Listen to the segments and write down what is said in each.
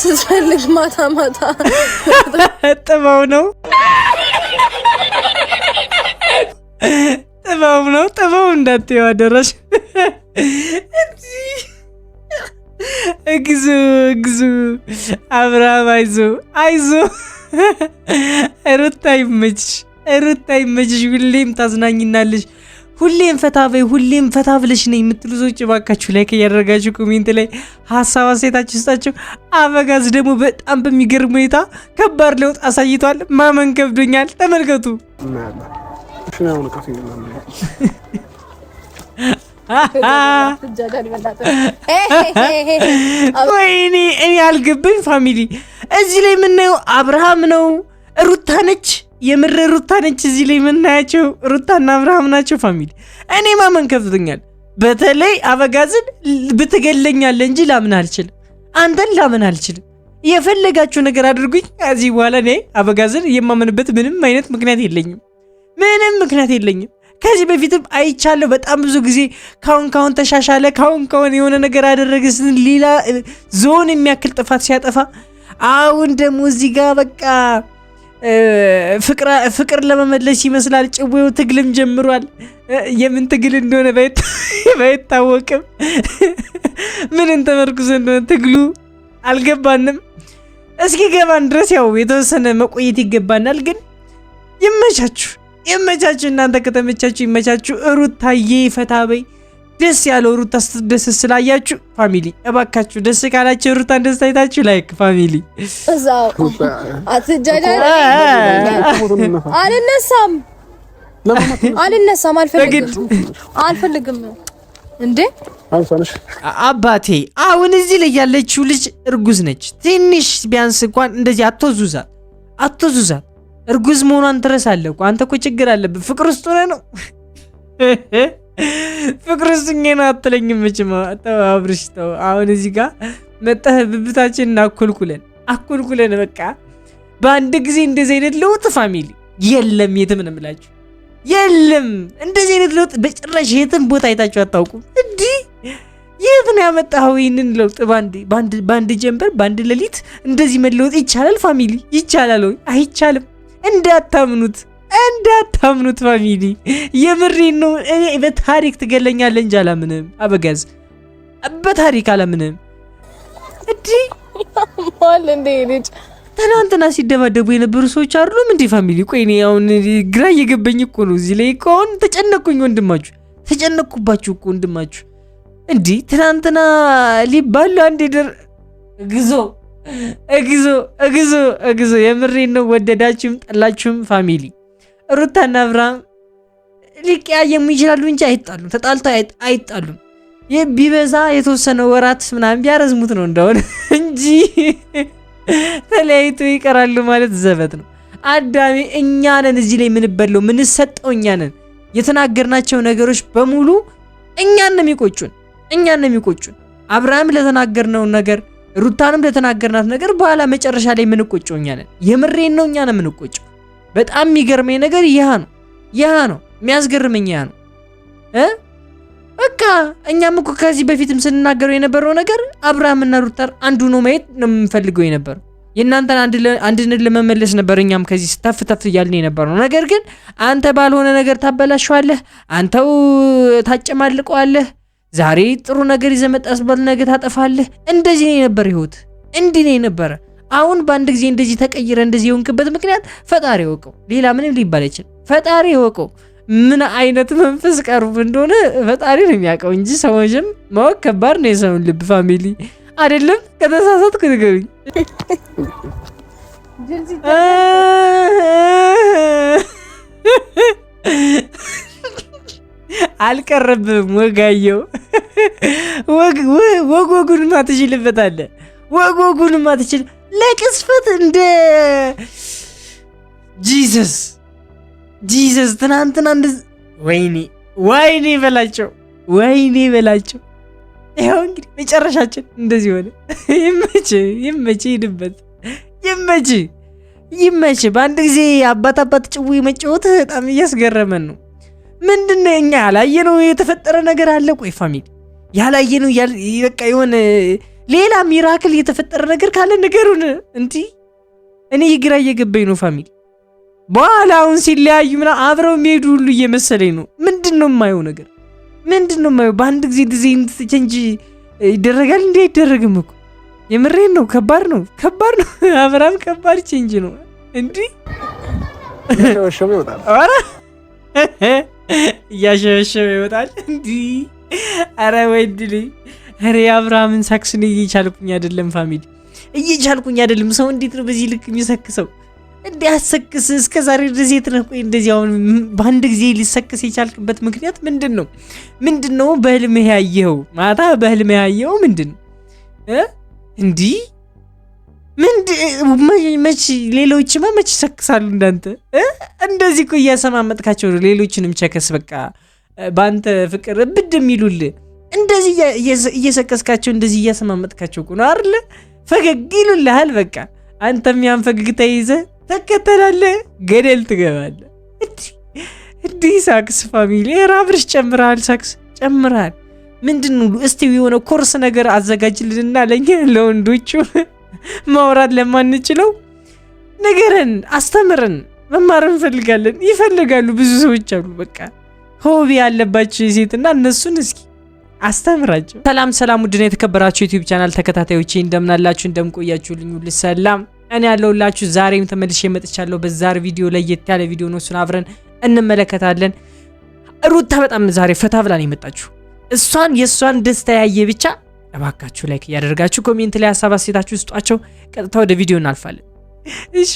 ስትፈልግ ማታ ማታ ጥበው ነው ጥበው ነው ጥበው እንዳትየው አደረሽ እግዙ እግዙ አብርሃም አይዞ አይዞ ሩታ ይመችሽ ሩታ ይመችሽ ሁሌም ታዝናኝናለሽ ሁሌም ፈታበይ ሁሌም ፈታ ብለሽ ነኝ የምትሉ ሰዎች እባካችሁ ላይክ እያደረጋችሁ ኮሜንት ላይ ሀሳብ አሴታችሁ ስጣችሁ። አበጋዝ ደግሞ በጣም በሚገርም ሁኔታ ከባድ ለውጥ አሳይቷል። ማመን ከብዶኛል። ተመልከቱ። ወይኔ እኔ አልገባኝ ፋሚሊ እዚህ ላይ የምናየው አብርሃም ነው ሩታ ነች የምር ሩታ ነች። እዚህ ላይ የምናያቸው ሩታና አብርሃም ናቸው ፋሚሊ። እኔ ማመን ከፍቶኛል። በተለይ አበጋዝን ብትገለኛለ እንጂ ላምን አልችልም። አንተን ላምን አልችልም። የፈለጋችሁ ነገር አድርጉኝ። ከዚህ በኋላ እኔ አበጋዝን የማመንበት ምንም አይነት ምክንያት የለኝም። ምንም ምክንያት የለኝም። ከዚህ በፊትም አይቻለሁ በጣም ብዙ ጊዜ። ካሁን ካሁን ተሻሻለ፣ ካሁን ካሁን የሆነ ነገር አደረገ ስን ሌላ ዞን የሚያክል ጥፋት ሲያጠፋ አሁን ደግሞ እዚህ ጋር በቃ ፍቅር ለመመለስ ይመስላል ጭዌው ትግልም ጀምሯል። የምን ትግል እንደሆነ ባይታወቅም ምንን ተመርኩዞ እንደሆነ ትግሉ አልገባንም። እስኪ ገባን ድረስ ያው የተወሰነ መቆየት ይገባናል። ግን ይመቻችሁ፣ ይመቻችሁ። እናንተ ከተመቻችሁ ይመቻችሁ። ሩታዬ ፈታበይ ደስ ያለው ሩታ ስትደሰት ስላያችሁ ፋሚሊ እባካችሁ ደስ ካላችሁ ሩታን ደስታ አይታችሁ ላይክ ፋሚሊ አልነሳም አልነሳም አልፈልግም እንዴ አባቴ አሁን እዚህ ላይ ያለችው ልጅ እርጉዝ ነች ትንሽ ቢያንስ እንኳን እንደዚህ አትወዙዛት አትወዙዛት እርጉዝ መሆኗን ትረሳለህ አንተ እኮ ችግር አለብህ ፍቅር ውስጥ ሆነ ነው ፍቅር ስኜን አትለኝም። መቼም ተው አብርሽ ተው። አሁን እዚህ ጋር መጠህ ብብታችን አኮልኩለን አኩልኩለን። በቃ በአንድ ጊዜ እንደዚህ አይነት ለውጥ ፋሚሊ የለም። የትም ነው የምላችሁ የለም። እንደዚህ አይነት ለውጥ በጭራሽ የትም ቦታ አይታችሁ አታውቁም። እንዲህ የት ነው ያመጣኸው ይህንን ለውጥ? በአንድ ጀንበር በአንድ ሌሊት እንደዚህ መለወጥ ይቻላል ፋሚሊ? ይቻላል ወይ? አይቻልም። እንዳታምኑት እንዳታምኑት ፋሚሊ የምሬን ነው። እኔ በታሪክ ትገለኛለህ እንጂ አላምንም። አበጋዝ በታሪክ አላምንም። እንዲህ ልጅ ትናንትና ሲደባደቡ የነበሩ ሰዎች አይደሉም እንዴ ፋሚሊ? ቆይ እኔ አሁን ግራ እየገባኝ እኮ ነው። እዚህ ላይ እኮ አሁን ተጨነቅኩኝ። ወንድማችሁ ተጨነቅኩባችሁ እኮ ወንድማችሁ። እንዲህ ትናንትና ሊባሉ አንድ ደር እግዞ እግዞ እግዞ እግዞ የምሬን ነው። ወደዳችሁም ጠላችሁም ፋሚሊ ሩታና አብርሃም ሊቀያየሙ ይችላሉ እንጂ አይጣሉም። ተጣልታ አይጣሉም። ቢበዛ የተወሰነ ወራት ምናምን ቢያረዝሙት ነው እንደሆነ እንጂ ተለያይቶ ይቀራሉ ማለት ዘበት ነው። አዳሜ እኛ ነን እዚህ ላይ የምንበለው ምንሰጠው እኛ ነን። የተናገርናቸው ነገሮች በሙሉ እኛን ነው የሚቆጩን፣ እኛን ነው የሚቆጩን። አብርሃም ለተናገርነው ነገር ሩታንም ለተናገርናት ነገር በኋላ መጨረሻ ላይ የምንቆጨው እኛ ነን። የምሬን ነው፣ እኛ ነው የምንቆጨው። በጣም የሚገርመኝ ነገር ይህ ነው፣ ይህ ነው የሚያስገርመኝ፣ ያ ነው እ በቃ እኛም እኮ ከዚህ በፊትም ስንናገረው የነበረው ነገር አብርሃምና ሩታር አንዱ ነው ማየት ነው የምንፈልገው የነበረው የእናንተን አንድነት ለመመለስ ነበር። እኛም ከዚህ ተፍ ተፍ እያልን የነበረው ነገር ግን አንተ ባልሆነ ነገር ታበላሸዋለህ፣ አንተው ታጨማልቀዋለህ። ዛሬ ጥሩ ነገር ይዘህ መጣ ስባል ነገ ታጠፋለህ። እንደዚህ ነው የነበረ ህይወት፣ እንዲህ ነው የነበረ አሁን በአንድ ጊዜ እንደዚህ ተቀይረ እንደዚህ የሆንክበት ምክንያት ፈጣሪ ወቀው፣ ሌላ ምንም ሊባል አይችል። ፈጣሪ ወቀው። ምን አይነት መንፈስ ቀርቡ እንደሆነ ፈጣሪ ነው የሚያውቀው እንጂ ሰዎችም ማወቅ ከባድ ነው። የሰውን ልብ ፋሚሊ አይደለም። ከተሳሳትኩ ንገሩኝ። አልቀረብም። ወጋየው ወግ ወግ ወጉንማ ትችልበታለህ። ወግ ወጉንማ ትችል ለቅስፈት እንደ ጂዘስ ጂዘስ ትናንትና እንደ ወይኔ ወይኔ በላቸው ወይኔ በላቸው። ይኸው እንግዲህ መጨረሻችን እንደዚህ ሆነ። ይመች ይመች፣ ሂድበት፣ ይመች ይመች። በአንድ ጊዜ አባት አባት ጭዊ መጫወት በጣም እያስገረመን ነው። ምንድን እኛ ያላየነው የተፈጠረ ነገር አለ? ቆይ ፋሚሊ ያላየነው በቃ የሆነ ሌላ ሚራክል የተፈጠረ ነገር ካለ ነገሩን እንዲ እኔ ግራ እየገባኝ ነው ፋሚሊ። በኋላ አሁን ሲለያዩ ምና አብረው የሚሄዱ ሁሉ እየመሰለኝ ነው። ምንድን ነው የማየው ነገር ምንድን ነው የማየው? በአንድ ጊዜ ዲዛይን ቼንጅ ይደረጋል እንዲ አይደረግም እኮ የምሬን ነው። ከባድ ነው፣ ከባድ ነው። አብራም ከባድ ቼንጅ ነው እንዲ እያሸበሸበ ይወጣል እንዲህ ኧረ ወይድልኝ ኧረ የአብርሃምን ሳክስን እየቻልኩኝ አይደለም ፋሚሊ እየቻልኩኝ አይደለም። ሰው እንዴት ነው በዚህ ልክ የሚሰክሰው? እንደ አሰክስ እስከ ዛሬ ድረስ የት ነህ? ቆይ እንደዚህ አሁን በአንድ ጊዜ ሊሰክስ የቻልክበት ምክንያት ምንድን ነው? ምንድን ነው በህልምህ ያየኸው? ማታ በህልምህ ያየኸው ምንድን ነው? እንዲህ መች ሌሎችማ መች ይሰክሳሉ እንዳንተ። እንደዚህ እኮ እያሰማመጥካቸው ነው ሌሎችንም ቸከስ። በቃ በአንተ ፍቅር ብድ የሚሉልህ እንደዚህ እየሰቀስካቸው እንደዚህ እያሰማመጥካቸው ቁ ነው አይደለ? ፈገግ ይሉልሃል። በቃ አንተም ያን ፈገግታ ተይዘ ተከተላለ ገደል ትገባለህ። እንዲህ ሳክስ ፋሚሊ ራብርሽ ጨምረሃል፣ ሳክስ ጨምረሃል። ምንድን ሁሉ እስቲ የሆነ ኮርስ ነገር አዘጋጅልንና ለኛ ለወንዶቹ ማውራት ለማንችለው ነገረን፣ አስተምርን። መማር እንፈልጋለን። ይፈልጋሉ ብዙ ሰዎች አሉ። በቃ ሆቢ ያለባቸው ሴትና እነሱን እስኪ አስተምራቸው። ሰላም ሰላም፣ ውድና የተከበራችሁ ዩቲዩብ ቻናል ተከታታዮች እንደምናላችሁ፣ እንደምቆያችሁልኝ ሁሉ ሰላም እኔ ያለሁላችሁ ዛሬም ተመልሼ መጥቻለሁ። በዛሬ ቪዲዮ ለየት ያለ ቪዲዮ ነው። እሱን አብረን እንመለከታለን። ሩታ በጣም ዛሬ ፈታ ብላ ነው የመጣችሁ። እሷን የእሷን ደስታ ያየ ብቻ እባካችሁ ላይክ እያደረጋችሁ ኮሜንት ላይ ሀሳብ አሴታችሁ ስጧቸው። ቀጥታ ወደ ቪዲዮ እናልፋለን። እሺ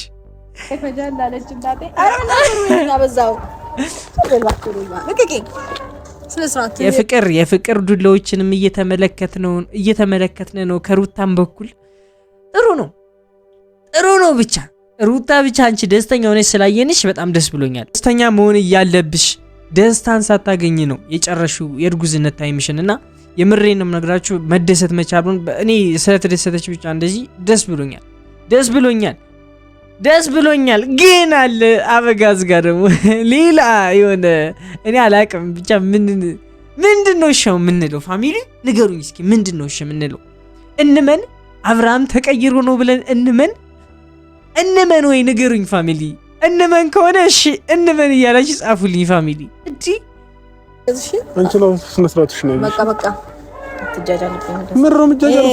አረ ነው ፈጃላለች የፍቅር የፍቅር ዱላዎችንም እየተመለከትን ነው። ከሩታም በኩል ጥሩ ነው ጥሩ ነው። ብቻ ሩታ ብቻ አንቺ ደስተኛ ሆነሽ ስላየንሽ በጣም ደስ ብሎኛል። ደስተኛ መሆን እያለብሽ ደስታን ሳታገኝ ነው የጨረሹ የእርጉዝነት ታይምሽን እና የምሬን ነው የምነግራችሁ መደሰት መቻሉን እኔ ስለተደሰተች ብቻ እንደዚህ ደስ ብሎኛል ደስ ብሎኛል። ደስ ብሎኛል። ግን አለ አበጋዝ ጋር ደግሞ ሌላ የሆነ እኔ አላቅም ብቻ ምን ምንድን ነው እሺ የምንለው? ፋሚሊ ንገሩኝ እስኪ ምንድን ነው እሺ የምንለው? እንመን አብርሃም ተቀይሮ ነው ብለን እንመን እንመን ወይ ንገሩኝ ፋሚሊ። እንመን ከሆነ እሺ እንመን እያላችሁ ጻፉልኝ ፋሚሊ። እንዲ አንቺ ነው ስነስርዓትሽ ነው። በቃ በቃ ምሮ ምጃጃል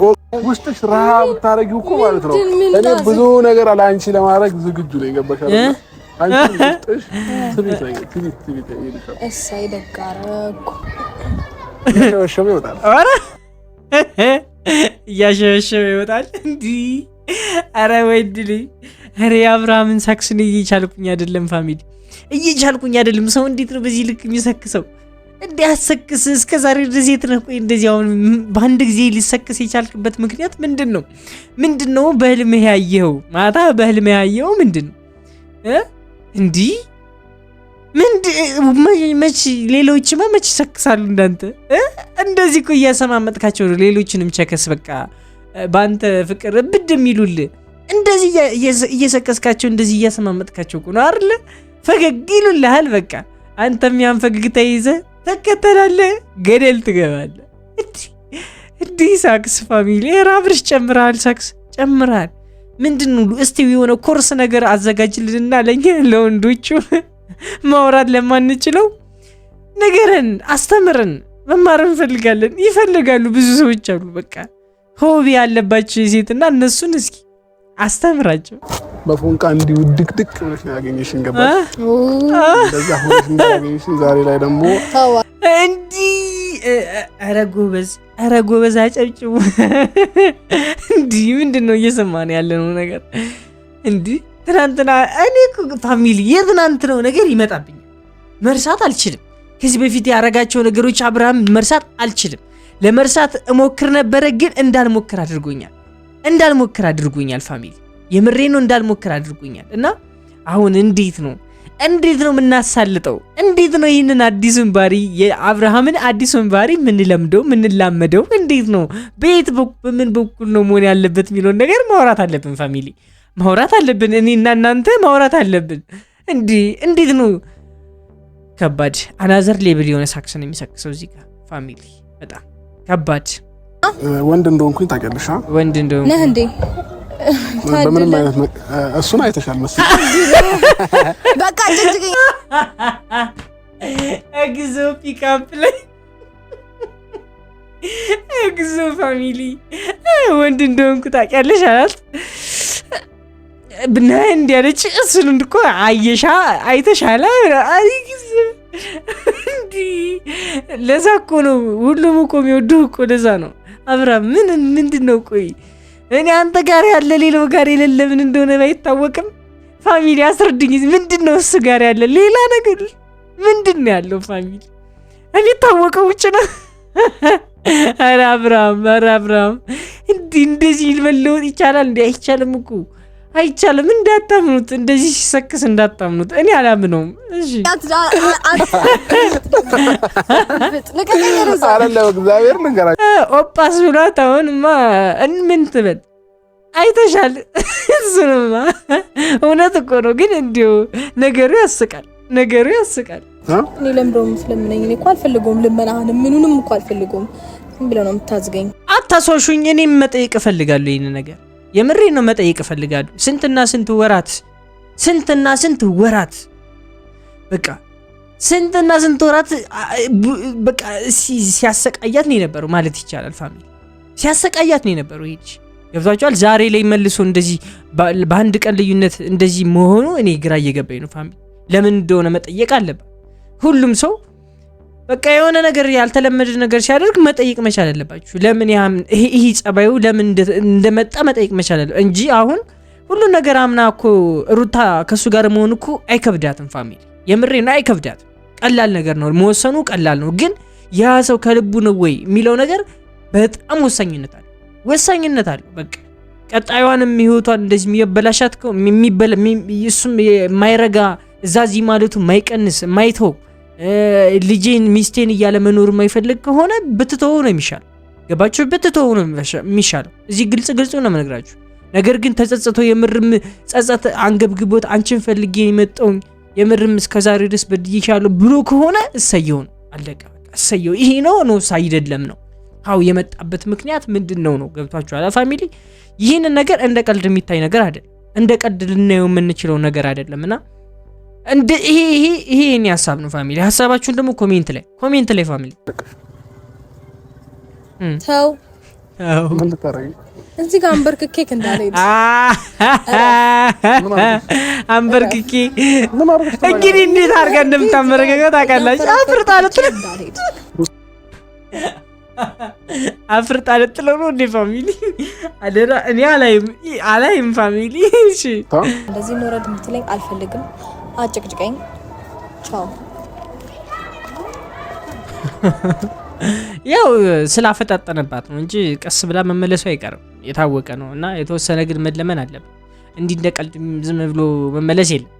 ፎቶ ውስጥሽ ረሃብ ታረጊው እኮ ማለት ነው። እኔ ብዙ ነገር ለአንቺ ለማድረግ ዝግጁ ነው። የገባሻል? እያሸበሸበ ይወጣል። እንዲህ አረ ወይ ድል! ኧረ የአብርሃምን ሳክሱን እየቻልኩኝ አይደለም ፋሚሊ፣ እየቻልኩኝ አይደለም። ሰው እንዴት ነው በዚህ ልክ የሚሰክሰው? እንዲያሰክስ እስከ ዛሬ ድረስ የት ነህ? ቆይ እንደዚህ አሁን በአንድ ጊዜ ሊሰክስ የቻልክበት ምክንያት ምንድን ነው? ምንድን ነው በህልምህ ያየኸው? ማታ በህልምህ ያየኸው ምንድን ነው? እንዲህ መች ሌሎችማ መች ይሰክሳሉ እንዳንተ። እንደዚህ እኮ እያሰማመጥካቸው ነው ሌሎችንም ቸከስ። በቃ በአንተ ፍቅር ብድ የሚሉል እንደዚህ እየሰቀስካቸው እንደዚህ እያሰማመጥካቸው እኮ ነው አይደለ? ፈገግ ይሉልሃል። በቃ አንተም ያን ፈገግታ ይዘህ ተከተላለ ገደል ትገባለ። እንዲህ ሳክስ ፋሚሊ ኧረ አብርሽ ጨምረሃል፣ ሳክስ ጨምረሃል። ምንድን ሁሉ እስቲ የሆነ ኮርስ ነገር አዘጋጅልንና ለኛ ለወንዶቹ ማውራት ለማንችለው ነገርን አስተምርን፣ መማር እንፈልጋለን። ይፈልጋሉ ብዙ ሰዎች አሉ፣ በቃ ሆቢ ያለባቸው የሴትና እነሱን እስኪ አስተምራቸው። በፎንቃ እንዲሁ ድቅድቅ ብለሽ ነው ያገኘሽን። ገባሽ? እንደዛ ሆነሽ እንዳገኘሽን ዛሬ ላይ ደግሞ እንዲህ ኧረ ጎበዝ፣ ኧረ ጎበዝ አጨብጭቡ። እንዲህ ምንድን ነው እየሰማን ያለነው ነገር? እንዲህ ትናንትና እኔ ፋሚሊ የትናንት ነው ነገር ይመጣብኛል፣ መርሳት አልችልም። ከዚህ በፊት ያደረጋቸው ነገሮች አብርሃም መርሳት አልችልም። ለመርሳት እሞክር ነበረ፣ ግን እንዳልሞክር አድርጎኛል፣ እንዳልሞክር አድርጎኛል ፋሚሊ የምሬ ነው እንዳልሞክር አድርጎኛል። እና አሁን እንዴት ነው እንዴት ነው የምናሳልጠው? እንዴት ነው ይህንን አዲሱን ባህሪ የአብርሃምን አዲሱን ባህሪ የምንለምደው የምንላመደው? እንዴት ነው በየት በምን በኩል ነው መሆን ያለበት የሚለውን ነገር ማውራት አለብን። ፋሚሊ ማውራት አለብን። እኔና እናንተ ማውራት አለብን። እንዲህ እንዴት ነው ከባድ አናዘር ሌብል የሆነ ሳክሰን የሚሰክሰው እዚህ ጋር ፋሚሊ በጣም ከባድ ወንድ እንደሆንኩኝ ታውቂያለሽ። ወንድ እንደሆንኩ ነህ እንዴ በምንም አይነት እሱን አይተሻል መሰለኝ። በቃ እግዚኦ ፒካፕ ላይ እግዚኦ ፋሚሊ ወንድ እንደሆንኩ ታውቂያለሽ አላት። ብናይ እንዲያለች እሱን እንድኮ አየሻ አይተሻለ ጊዜ ለዛ እኮ ነው ሁሉም እኮ የሚወዱ እኮ ለዛ ነው። አብራ ምን ምንድን ነው ቆይ እኔ አንተ ጋር ያለ ሌላው ጋር የሌለ ምን እንደሆነ ባይታወቅም ፋሚሊ አስረድኝ። ምንድን ነው እሱ ጋር ያለ ሌላ ነገር ምንድን ነው ያለው? ፋሚሊ የሚታወቀው ውጭ ነው። ኧረ አብርሃም፣ ኧረ አብርሃም እንዲህ እንደዚህ መለወጥ ይቻላል እንዴ? አይቻልም እኮ አይቻልም እንዳታምኑት፣ እንደዚህ ሲሰክስ እንዳታምኑት። እኔ አላምነውም። እሺ እግዚአብሔር ኦጳስ ብሏት አሁንማ ምን ትበል አይተሻል። እሱንማ እውነት እኮ ነው፣ ግን እንዲሁ ነገሩ ያስቃል። ነገሩ ያስቃል። እኔ ለምደው ስለምነኝ እኔ እኮ አልፈልገውም። ልመናህንም ምኑንም እኮ አልፈልገውም። ዝም ብለህ ነው የምታዝገኝ። አታሶሹኝ። እኔም መጠየቅ እፈልጋለሁ ይህን ነገር የምሬ ነው መጠየቅ እፈልጋለሁ። ስንትና ስንት ወራት ስንትና ስንት ወራት በቃ ስንትና ስንት ወራት በቃ ሲያሰቃያት ነው የነበረው ማለት ይቻላል። ፋሚሊ ሲያሰቃያት ነው የነበረው ይሄ ገብቷቸዋል። ዛሬ ላይ መልሶ እንደዚህ በአንድ ቀን ልዩነት እንደዚህ መሆኑ እኔ ግራ እየገባኝ ነው ፋሚሊ። ለምን እንደሆነ መጠየቅ አለባት። ሁሉም ሰው በቃ የሆነ ነገር ያልተለመደ ነገር ሲያደርግ መጠየቅ መቻል አለባችሁ። ለምን ይህ ጸባዩ ለምን እንደመጣ መጠየቅ መቻል አለ እንጂ አሁን ሁሉን ነገር አምና እኮ ሩታ ከእሱ ጋር መሆን እኮ አይከብዳትም። ፋሚሊ የምሬ ነው፣ አይከብዳትም። ቀላል ነገር ነው፣ መወሰኑ ቀላል ነው። ግን ያ ሰው ከልቡ ነው ወይ የሚለው ነገር በጣም ወሳኝነት አለ፣ ወሳኝነት አለ። በቃ ቀጣዩዋንም ህይወቷን እንደዚህ የሚበላሻት እሱም የማይረጋ እዛዚህ ማለቱ ማይቀንስ ማይተው ልጄን ሚስቴን እያለ መኖር የማይፈልግ ከሆነ ብትተው ነው የሚሻል። ገባችሁ? ብትተው ነው የሚሻል። እዚህ ግልጽ ግልጽ ነው የምነግራችሁ። ነገር ግን ተጸጽቶ የምርም ጸጸት አንገብግቦት አንቺን ፈልጌ የመጣሁኝ የምርም እስከዛሬ ድረስ በድይሻለሁ ብሎ ከሆነ እሰየውን አለቀ። እሰየው ይሄ ነው ነው ሳይደለም ነው ሀው የመጣበት ምክንያት ምንድን ነው ነው ገብቷችኋል? ፋሚሊ ይህንን ነገር እንደ ቀልድ የሚታይ ነገር አይደለም። እንደ ቀልድ ልናየው የምንችለው ነገር አይደለም እና እንደ ይሄ ይሄ ይሄ የኔ ሀሳብ ነው ፋሚሊ። ሀሳባችሁን ደግሞ ኮሜንት ላይ ኮሜንት ላይ ፋሚሊ ተው እዚህ ጋር አንበርክኬ አንበርክኬ እንግዲህ እንዴት አድርጋ እንደምታመረገገው ታውቃላችሁ። ነው እንዴ ፋሚሊ? አደራ እኔ አላይም አላይም ፋሚሊ። እሺ እንደዚህ ኖረድ የምትለኝ አልፈልግም። አጭቅጭቀኝ። ቻው። ያው ስላፈጣጠነባት ነው እንጂ ቀስ ብላ መመለሱ አይቀርም፣ የታወቀ ነው። እና የተወሰነ ግን መለመን አለብን። እንዲህ እንደ ቀልድ ዝም ብሎ መመለስ የለም።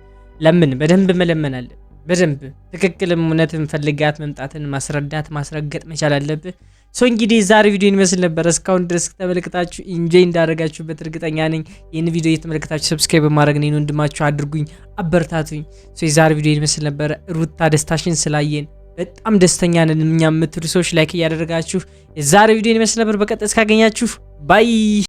ለምን በደንብ መለመን አለብን። በደንብ ትክክልም እውነትን ፈልጋት መምጣትን ማስረዳት ማስረገጥ መቻል አለብህ። ሶ እንግዲህ ዛሬ ቪዲዮ ይመስል ነበር። እስካሁን ድረስ ተመልክታችሁ ኢንጆይ እንዳደረጋችሁበት እርግጠኛ ነኝ። ይህን ቪዲዮ እየተመለከታችሁ ሰብስክራይብ በማድረግ ነኝ ወንድማችሁ አድርጉኝ፣ አበረታቱኝ። ሶ የዛሬ ቪዲዮ ይመስል ነበር። ሩታ ደስታሽን ስላየን በጣም ደስተኛ ነን እኛ የምትሉ ሰዎች ላይክ እያደረጋችሁ የዛሬ ቪዲዮ ይመስል ነበር። በቀጥታ እስካገኛችሁ ባይ